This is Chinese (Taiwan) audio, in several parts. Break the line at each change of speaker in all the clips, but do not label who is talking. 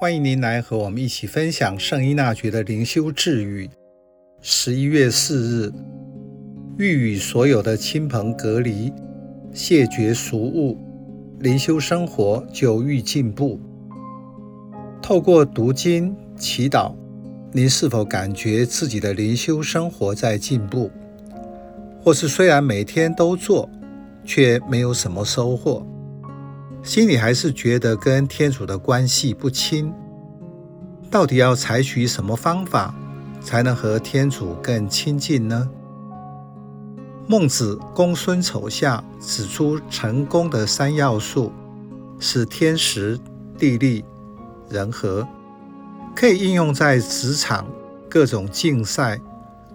歡迎您來和我們一起分享聖依納爵的靈修智語。十一月四日，愈與所有的親朋隔離，謝絕俗物，靈修生活就愈進步。透過讀經、祈禱，您是否感覺自己的靈修生活在進步？或是雖然每天都做，却沒有什麼收穫？心裡還是覺得跟天主的關係不親，到底要採取什麼方法才能和天主更親近呢？孟子《公孫丑下》指出成功的三要素是天時、地利、人和，可以應用在職場、各種競賽、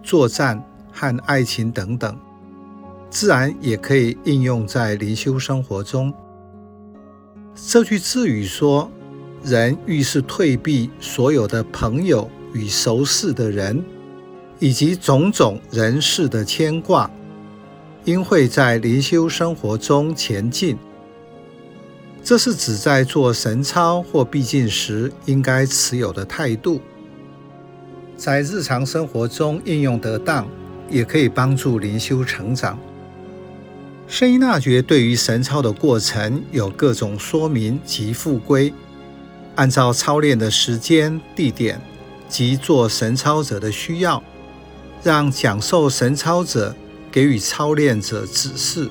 作戰和愛情等等，自然也可以應用在靈修生活中。這句智語說：“人愈是退避所有的朋友與熟識的人，以及種種人事的牽掛，應會在靈修生活中前進。”這是指在做神操或避靜時應該持有的態度，在日常生活中應用得當，也可以幫助靈修成長。聖依納爵對於神操的過程有各種說明及附規，按照操練的時間、地點及做神操者的需要，讓講授神操者給予操練者指示。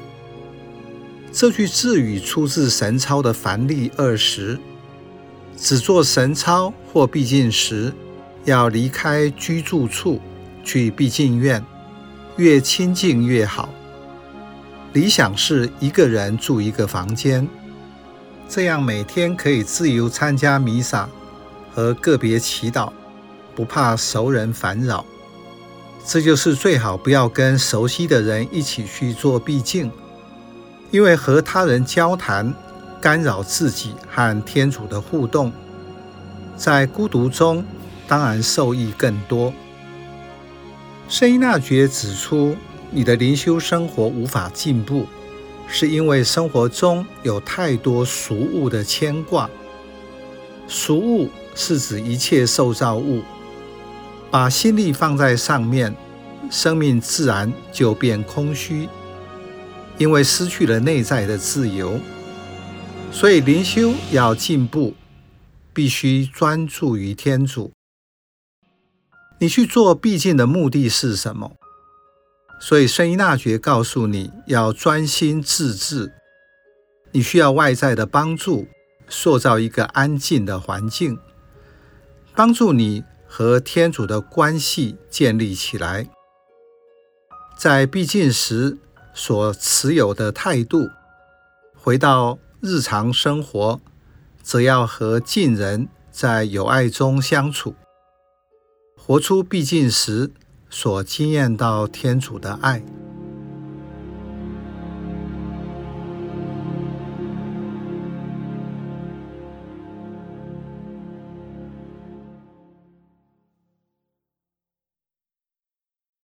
這句智語，出自神操的凡例二十，指做神操或避靜時，要離開居住處去避靜院，越清靜越好。理想是一個人住一個房間，這樣每天可以自由參加彌撒和個別祈禱，不怕熟人煩擾。這就是最好不要跟熟悉的人一起去做避靜，因為和他人交談，干擾自己和天主的互動，在孤獨中當然受益更多。聖依納爵指出，你的靈修生活無法進步，是因為生活中有太多俗物的牽掛。俗物是指一切受造物，把心力放在上面，生命自然就變空虛，因為失去了內在的自由。所以靈修要進步，必須專注於天主。你去做避靜的目的是什麼？所以聖依納爵告訴你要專心致志，你需要外在的幫助，塑造一個安靜的環境，幫助你和天主的關係建立起來。在避靜時所持有的態度，回到日常生活，則要和近人在友愛中相處，活出避靜時所經驗到天主的愛。